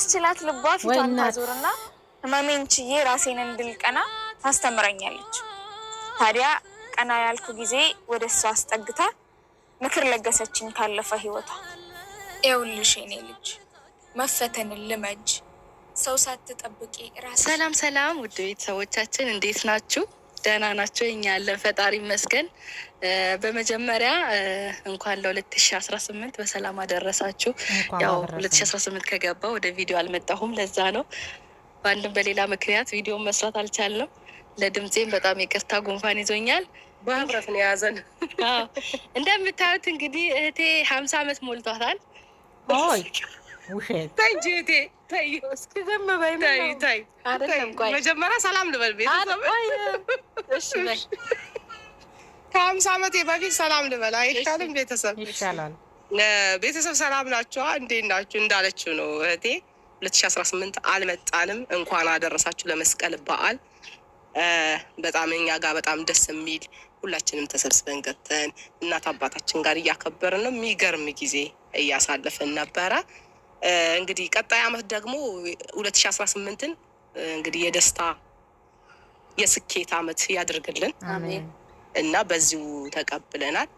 ሲያስችላት ልቧ ፊቷን ታዞርና ህመሜን ችዬ ራሴን እንድልቀና ታስተምረኛለች። ታዲያ ቀና ያልኩ ጊዜ ወደ እሷ አስጠግታ ምክር ለገሰችኝ ካለፈ ህይወቷ። ኤውልሽ የኔ ልጅ መፈተንን ልመጅ ሰው ሳትጠብቂ ራስ። ሰላም ሰላም፣ ውድ ቤተሰቦቻችን እንዴት ናችሁ? ደህና ናቸው። እኛ ያለን ፈጣሪ ይመስገን። በመጀመሪያ እንኳን ለ2018 በሰላም አደረሳችሁ። ያው 2018 ከገባ ወደ ቪዲዮ አልመጣሁም፣ ለዛ ነው። በአንድም በሌላ ምክንያት ቪዲዮ መስራት አልቻለም። ለድምፄም በጣም ይቅርታ፣ ጉንፋን ይዞኛል። በህብረት ነው የያዘን። እንደምታዩት እንግዲህ እህቴ ሀምሳ ዓመት ሞልቷታል። ውሸት ተይ እንጂ ተይ እስኪ ዝም በይ። ተይ ተይ አይደለም። ቆይ መጀመሪያ ሰላም ልበል ቤት። እሺ በይ ከሀምሳ ዓመቴ በፊት ሰላም ልበል አይሻልም? ቤተሰብ ይሻላል። ቤተሰብ ሰላም ናቸዋ። እንዴት ናችሁ? እንዳለችው ነው እህቴ። ሁለት አልመጣንም። እንኳን አደረሳችሁ ለመስቀል በዓል። በጣም እኛ ጋር በጣም ደስ የሚል ሁላችንም ተሰብስበን ገብተን እናት አባታችን ጋር እያከበርን ነው። የሚገርም ጊዜ እያሳለፍን ነበረ። እንግዲህ ቀጣይ አመት ደግሞ ሁለት ሺ አስራ ስምንትን እንግዲህ የደስታ የስኬት አመት ያድርግልን እና በዚሁ ተቀብለናል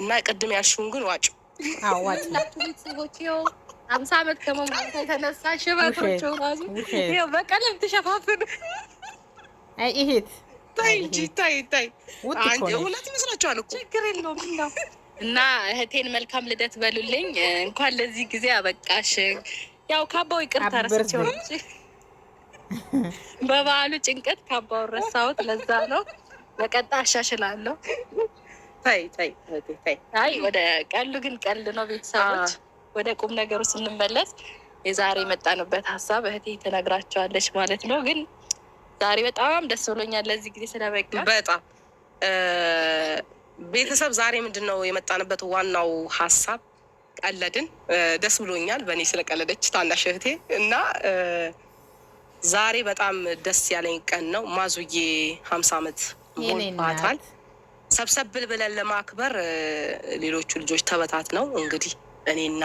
እና ቅድም ያልሽውን ግን ዋጭ አምሳ አመት ከመሙላት የተነሳ ሽበቶቸው ራሱ በቀለም ትሸፋፍን ይሄት ታይ እንጂ ታይ ታይ ሁለት ይመስላችኋል እኮ ችግር የለውም እና እህቴን መልካም ልደት በሉልኝ። እንኳን ለዚህ ጊዜ አበቃሽ። ያው ካባው ይቅርታ ረስቼው ነው እንጂ በበዓሉ ጭንቀት ካባው ረሳሁት። ለዛ ነው በቀጣ አሻሽላለሁ። ታይ ታይ ታይ ወደ ቀሉ ግን ቀል ነው። ቤተሰቦች ወደ ቁም ነገሩ ስንመለስ የዛሬ የመጣንበት ሀሳብ እህቴ ትነግራቸዋለች ማለት ነው። ግን ዛሬ በጣም ደስ ብሎኛል ለዚህ ጊዜ ስለበቃ በጣም ቤተሰብ ዛሬ ምንድን ነው የመጣንበት ዋናው ሀሳብ ቀለድን። ደስ ብሎኛል በእኔ ስለቀለደች ታናሽ እህቴ እና ዛሬ በጣም ደስ ያለኝ ቀን ነው። ማዙዬ ሀምሳ ዓመት ሞልቷታል። ሰብሰብል ብለን ለማክበር ሌሎቹ ልጆች ተበታት ነው እንግዲህ እኔና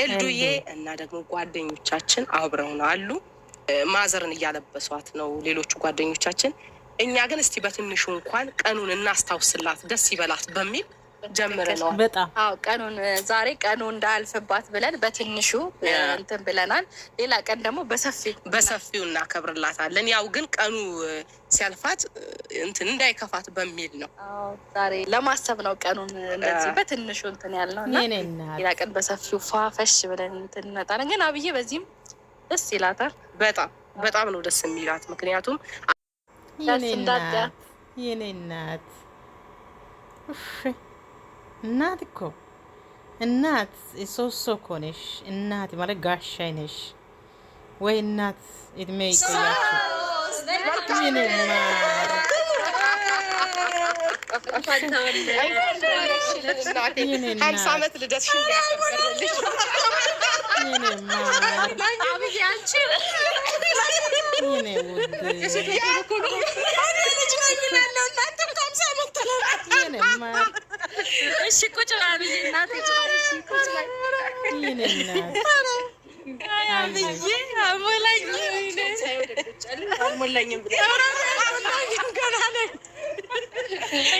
ኤልዱዬ እና ደግሞ ጓደኞቻችን አብረውን አሉ። ማዘርን እያለበሷት ነው ሌሎቹ ጓደኞቻችን እኛ ግን እስቲ በትንሹ እንኳን ቀኑን እናስታውስላት ደስ ይበላት በሚል ጀምረነዋል። በጣም ቀኑን ዛሬ ቀኑ እንዳያልፍባት ብለን በትንሹ እንትን ብለናል። ሌላ ቀን ደግሞ በሰፊው በሰፊው እናከብርላታለን። ያው ግን ቀኑ ሲያልፋት እንትን እንዳይከፋት በሚል ነው ዛሬ ለማሰብ ነው ቀኑን እንደዚህ በትንሹ እንትን ያልነው እና ሌላ ቀን በሰፊው ፏፈሽ ብለን እንትን እንመጣለን። ግን አብዬ በዚህም ደስ ይላታል። በጣም በጣም ነው ደስ የሚላት ምክንያቱም የኔ እናት እናት እኮ እናት ሶሶ እኮ ነሽ። እናት ማለት ጋሻይ ነሽ ወይ እናት እድሜ ይቆያችሁ። ልደት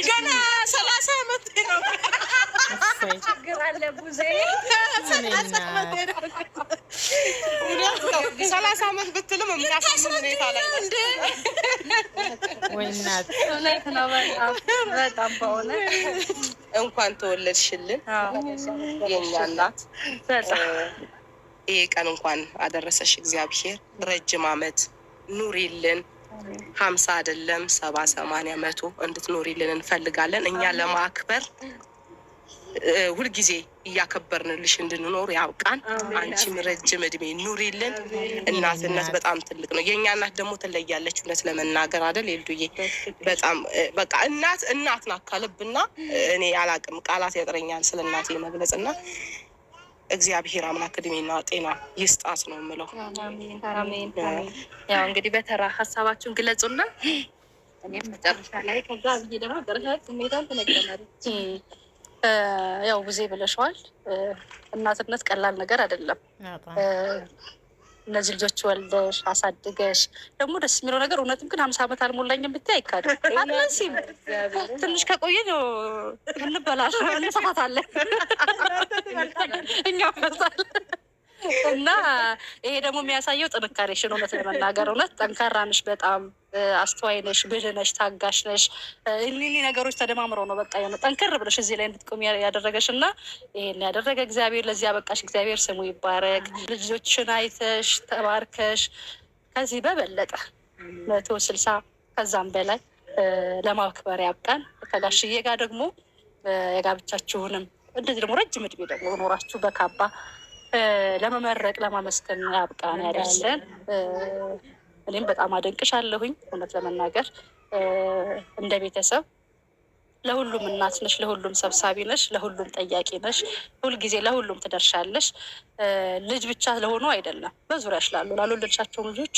ገና ሰላሳ ዓመት ነው። ሰላሳ ዓመት ብትልም የሚያሳምን እንኳን ተወለድሽልን የኛ እናት። ይሄ ቀን እንኳን አደረሰሽ። እግዚአብሔር ረጅም አመት ኑሪልን። ሀምሳ አይደለም ሰባ ሰማንያ መቶ እንድትኖሪልን እንፈልጋለን እኛ ለማክበር ሁልጊዜ እያከበርንልሽ እንድንኖር ያውቃን። አንቺም ረጅም እድሜ ኑሪልን። እናትነት በጣም ትልቅ ነው። የእኛ እናት ደግሞ ትለያለች። እውነት ለመናገር አደል የልዱዬ፣ በጣም በቃ እናት እናት ናት ከልብና እኔ አላቅም፣ ቃላት ያጥረኛል ስለ እናት እናቴ መግለጽና እግዚአብሔር አምላክ እድሜና ጤና ይስጣት ነው የምለው። ያው እንግዲህ በተራ ሀሳባችሁን ግለጹና እኔም መጨረሻ ላይ ከዛ ብዬ ደግሞ ያው ጊዜ ብለሸዋል። እናትነት ቀላል ነገር አይደለም። እነዚህ ልጆች ወልደሽ አሳድገሽ ደግሞ ደስ የሚለው ነገር እውነትም ግን ሀምሳ ዓመት አልሞላኝም ብታይ አይካድም። አትመሲም። ትንሽ ከቆየ እንበላል እንሰፋታለን እኛ ፈታል እና ይሄ ደግሞ የሚያሳየው ጥንካሬሽን፣ እውነት ለመናገር እውነት ጠንካራ ነሽ፣ በጣም አስተዋይ ነሽ፣ ብልህ ነሽ፣ ታጋሽ ነሽ። እኒኒ ነገሮች ተደማምሮ ነው በቃ የሆነ ጠንክር ብለሽ እዚህ ላይ እንድትቆሚ ያደረገሽ እና ይሄን ያደረገ እግዚአብሔር ለዚህ አበቃሽ። እግዚአብሔር ስሙ ይባረክ። ልጆችን አይተሽ ተባርከሽ ከዚህ በበለጠ መቶ ስልሳ ከዛም በላይ ለማክበር ያብቃን። ከጋሽዬ ጋር ደግሞ የጋብቻችሁንም እንደዚህ ደግሞ ረጅም እድሜ ደግሞ ኖራችሁ በካባ ለመመረቅ ለማመስገን ያብቃን ያደርሰን። እኔም በጣም አደንቅሻለሁኝ እውነት ለመናገር እንደ ቤተሰብ ለሁሉም እናት ነሽ፣ ለሁሉም ሰብሳቢ ነሽ፣ ለሁሉም ጠያቂ ነሽ። ሁልጊዜ ለሁሉም ትደርሻለሽ። ልጅ ብቻ ለሆኑ አይደለም፣ በዙሪያሽ ላሉ ላልወለድሻቸው ልጆች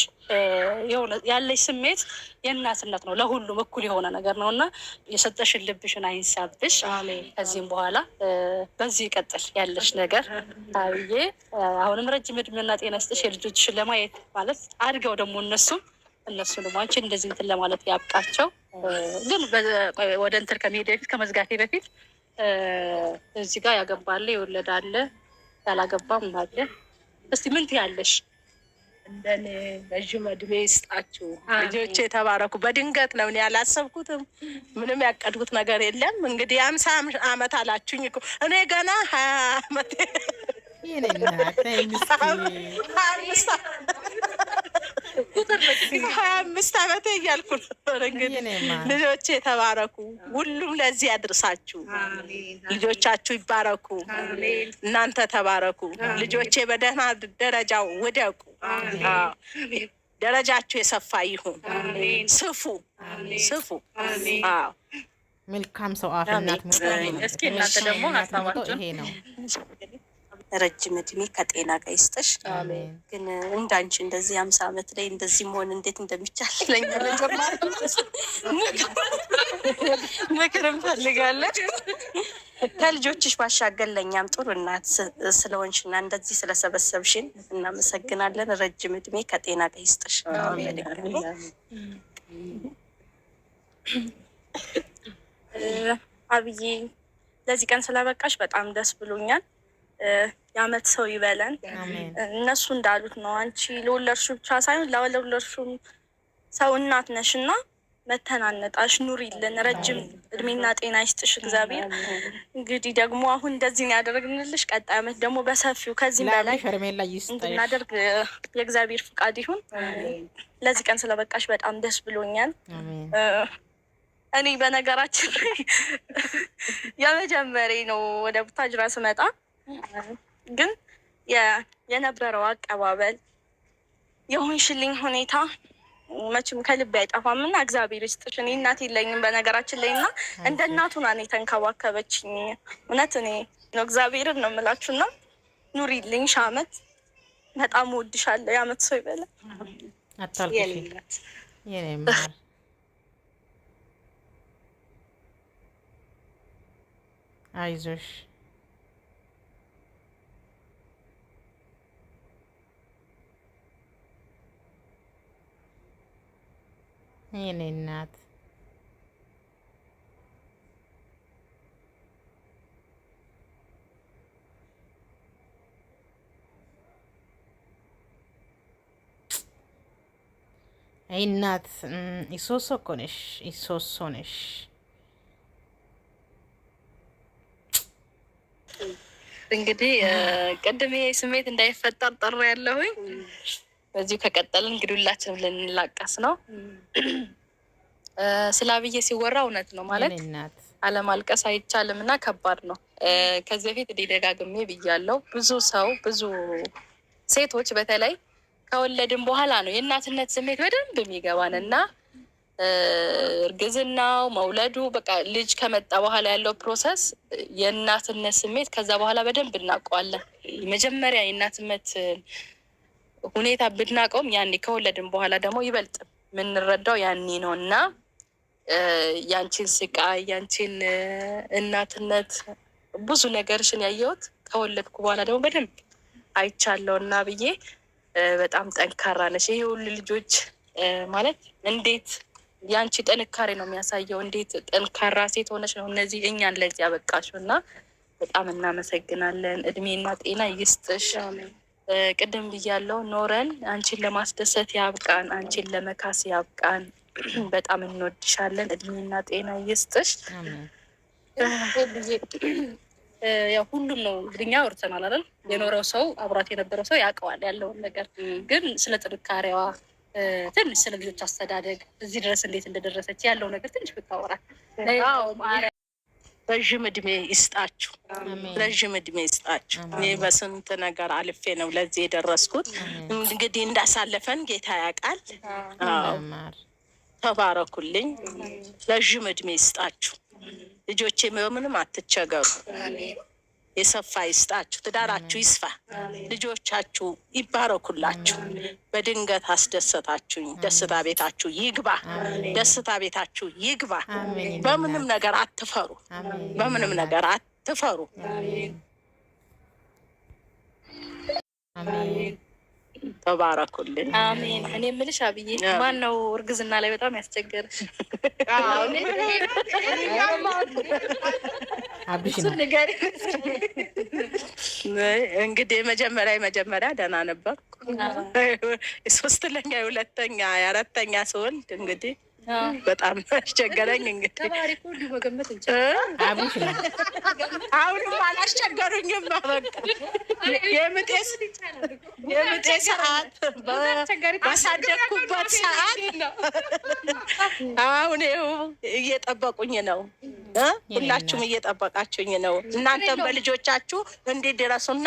ያለሽ ስሜት የእናትነት ነው። ለሁሉም እኩል የሆነ ነገር ነው እና የሰጠሽን ልብሽን አይንሳብሽ። ከዚህም በኋላ በዚህ ይቀጥል ያለሽ ነገር አብዬ፣ አሁንም ረጅም እድሜና ጤና ስጥሽ የልጆችሽን ለማየት ማለት አድገው ደግሞ እነሱም እነሱ ልማች እንደዚህ እንትን ለማለት ያብቃቸው። ግን ወደ እንትን ከመሄድ በፊት ከመዝጋቴ በፊት እዚህ ጋር ያገባለ የወለዳለ ያላገባም አለ። እስቲ ምን ትያለሽ? እንደኔ ረዥም እድሜ ይስጣችሁ ልጆቼ የተባረኩ። በድንገት ነው እኔ ያላሰብኩትም ምንም ያቀድኩት ነገር የለም። እንግዲህ አምሳ አመት አላችሁኝ እኮ እኔ ገና ሀያ አመት ሀያ አምስት አመቴ እያልኩ ነበር። እንግዲህ ልጆቼ የተባረኩ ሁሉም ለዚህ ያድርሳችሁ። ልጆቻችሁ ይባረኩ፣ እናንተ ተባረኩ። ልጆቼ በደህና ደረጃው ውደቁ። ደረጃችሁ የሰፋ ይሁን። ስፉ ስፉ። መልካም ሰው አፍ እናት። እስኪ እናንተ ደግሞ ሀሳባችሁን ይሄ ነው ረጅም እድሜ ከጤና ጋር ይስጥሽ። ግን እንዳንቺ እንደዚህ አምሳ ዓመት ላይ እንደዚህ መሆን እንዴት እንደሚቻል ለኛ ምክር እንፈልጋለን። ከልጆችሽ ባሻገር ለእኛም ጥሩ እናት ስለሆንሽና እንደዚህ ስለሰበሰብሽን እናመሰግናለን። ረጅም እድሜ ከጤና ጋር ይስጥሽ። አብዬ ለዚህ ቀን ስለበቃሽ በጣም ደስ ብሎኛል። የአመት ሰው ይበለን። እነሱ እንዳሉት ነው። አንቺ ለወለድሹ ብቻ ሳይሆን ለወለድሹም ሰው እናት ነሽ እና መተናነጣሽ ኑሪልን፣ ረጅም እድሜና ጤና ይስጥሽ እግዚአብሔር። እንግዲህ ደግሞ አሁን እንደዚህ ነው ያደረግንልሽ። ቀጣይ አመት ደግሞ በሰፊው ከዚህም በላይ እንድናደርግ የእግዚአብሔር ፍቃድ ይሁን። ለዚህ ቀን ስለበቃሽ በጣም ደስ ብሎኛል። እኔ በነገራችን ላይ የመጀመሪያ ነው ወደ ቡታጅራ ስመጣ ግን የነበረው አቀባበል የሆንሽልኝ ሁኔታ መቼም ከልብ አይጠፋም እና እግዚአብሔር ይስጥሽ። እኔ እናት የለኝም በነገራችን ላይ እና እንደ እናቱ ና እኔ ተንከባከበችኝ። እውነት እኔ ነው እግዚአብሔርን ነው የምላችሁ። እና ኑሪልኝ ሺህ ዓመት በጣም ወድሻለሁ። የዓመት ሰው ይበላል አይዞሽ የኔ እናት አይ እናት ኢሶሶ እኮ ነሽ፣ ኢሶሶ ነሽ። እንግዲህ ቅድም ይሄ ስሜት እንዳይፈጠር ጠራ ያለሁኝ በዚሁ ከቀጠልን እንግዲህ ሁላችንም ልንላቀስ ነው። ስለ አብዬ ሲወራ እውነት ነው ማለት አለማልቀስ አይቻልም እና ከባድ ነው። ከዚህ በፊት እኔ ደጋግሜ ብያለሁ። ብዙ ሰው ብዙ ሴቶች በተለይ ከወለድን በኋላ ነው የእናትነት ስሜት በደንብ የሚገባን እና እርግዝናው፣ መውለዱ፣ በቃ ልጅ ከመጣ በኋላ ያለው ፕሮሰስ የእናትነት ስሜት ከዛ በኋላ በደንብ እናውቀዋለን። መጀመሪያ የእናትነት ሁኔታ ብናቀውም ያኔ ከወለድን በኋላ ደግሞ ይበልጥ የምንረዳው ያኔ ነው እና ያንቺን ስቃይ ያንቺን እናትነት ብዙ ነገርሽን ያየሁት ከወለድኩ በኋላ ደግሞ በደንብ አይቻለው እና ብዬ በጣም ጠንካራ ነሽ። ይህ ሁሉ ልጆች ማለት እንዴት ያንቺ ጥንካሬ ነው የሚያሳየው። እንዴት ጠንካራ ሴት ሆነች ነው እነዚህ እኛን ለዚህ ያበቃሽው እና በጣም እናመሰግናለን። እድሜና ጤና ይስጥሽ። ቅድም ብያለው ኖረን አንቺን ለማስደሰት ያብቃን፣ አንቺን ለመካስ ያብቃን። በጣም እንወድሻለን። እድሜና ጤና ይስጥሽ። ያው ሁሉም ነው እንግዲህ እኛ አውርተናል አይደል? የኖረው ሰው አብራት የነበረው ሰው ያውቀዋል ያለውን ነገር። ግን ስለ ጥንካሬዋ ትንሽ ስለ ልጆች አስተዳደግ እዚህ ድረስ እንዴት እንደደረሰች ያለው ነገር ትንሽ ብታወራል ረዥም እድሜ ይስጣችሁ፣ ረዥም እድሜ ይስጣችሁ። እኔ በስንት ነገር አልፌ ነው ለዚህ የደረስኩት። እንግዲህ እንዳሳለፈን ጌታ ያውቃል። ተባረኩልኝ፣ ረዥም እድሜ ይስጣችሁ። ልጆቼ በምንም አትቸገሩ። የሰፋ ይስጣችሁ፣ ትዳራችሁ ይስፋ፣ ልጆቻችሁ ይባረኩላችሁ። በድንገት አስደሰታችሁኝ። ደስታ ቤታችሁ ይግባ፣ ደስታ ቤታችሁ ይግባ። በምንም ነገር አትፈሩ፣ በምንም ነገር አትፈሩ። ተባረኩልን። አሜን። እኔ የምልሽ አብዬ ማን ነው እርግዝና ላይ በጣም ያስቸገረሽ? አብሽ ነገር እንግዲህ መጀመሪያ መጀመሪያ ደህና ነበርኩ። ሶስተኛ፣ ሁለተኛ፣ አራተኛ ስወልድ እንግዲህ በጣም አስቸገረኝ። እንግዲህ አሁንም አላስቸገሩኝም። የምጤ ሰዓት ባሳደግኩበት ሰዓት አሁን ይኸው እየጠበቁኝ ነው። ሁላችሁም እየጠበቃችሁኝ ነው። እናንተም በልጆቻችሁ እንዲደረሱና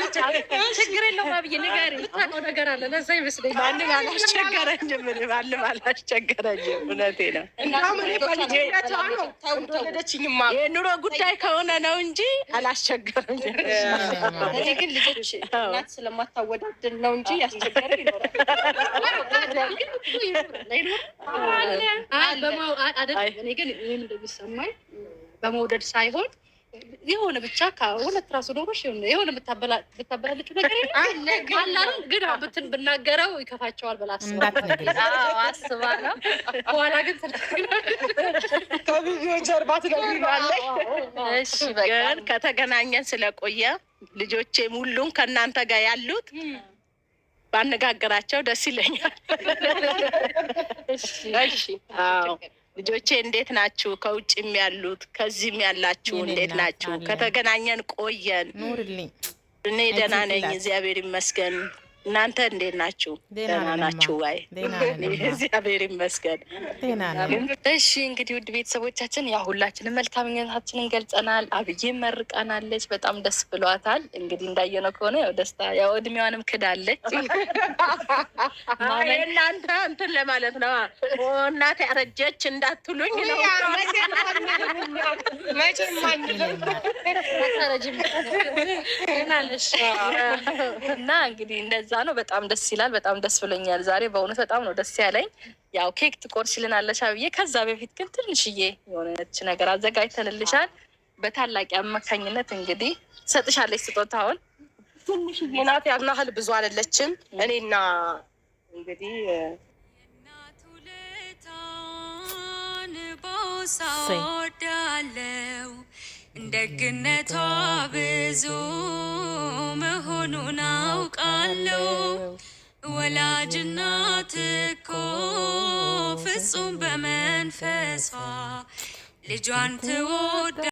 ችግር የለውም አብዬ ንገሪ። የምታውቀው ነገር አለ። ለዛ ይመስለኝ ማንም አላስቸገረኝም። ማንም አላስቸገረኝም። ነው። የኑሮ ጉዳይ ከሆነ ነው እንጂ አላስቸገረኝም። እኔ ግን ልጆች እናት ነው እንጂ ያስቸገረ ይኖራል። እኔ ግን እንደሚሰማኝ በመውደድ ሳይሆን የሆነ ብቻ ከሁለት ራሱ ዶሮች የሆነ ብታበላልችው ነገር አላል ግን ብትን ብናገረው ይከፋቸዋል ብላ አስባ በኋላ ግን ከብዙ ጀርባ ግን ከተገናኘን ስለቆየ ልጆቼም ሁሉም ከእናንተ ጋር ያሉት ባነጋገራቸው ደስ ይለኛል። እሺ ልጆቼ እንዴት ናችሁ? ከውጭም ያሉት ከዚህም ያላችሁ እንዴት ናችሁ? ከተገናኘን ቆየን። እኔ ደህና ነኝ፣ እግዚአብሔር ይመስገን። እናንተ እንዴት ናችሁ? ደህና ናችሁ ወይ? እግዚአብሔር ይመስገን። እሺ እንግዲህ ውድ ቤተሰቦቻችን ያ ሁላችንም መልካም ምኞታችንን ገልጸናል። አብዬ መርቃናለች፣ በጣም ደስ ብሏታል። እንግዲህ እንዳየነው ከሆነ ያው ደስታ ያው እድሜዋንም ክዳለች። እናንተ እንትን ለማለት ነው እናቴ አረጀች እንዳትሉኝ ነው እና እንግዲህ እንደዚህ ለዛ ነው። በጣም ደስ ይላል። በጣም ደስ ብሎኛል ዛሬ በእውነት በጣም ነው ደስ ያለኝ። ያው ኬክ ትቆርሽልናለሽ ብዬ ከዛ በፊት ግን ትንሽዬ የሆነች ነገር አዘጋጅተንልሻል። በታላቂ አማካኝነት እንግዲህ ሰጥሻለች ስጦታውን። ትንሽዬ ናት፣ ያን ያህል ብዙ አይደለችም። እኔና እንግዲህ ሳወዳለው ደግነቷ ብዙ መሆኑን አውቃለሁ። ወላጅ እናት እኮ ፍጹም በመንፈሷ ልጇን ትወዳ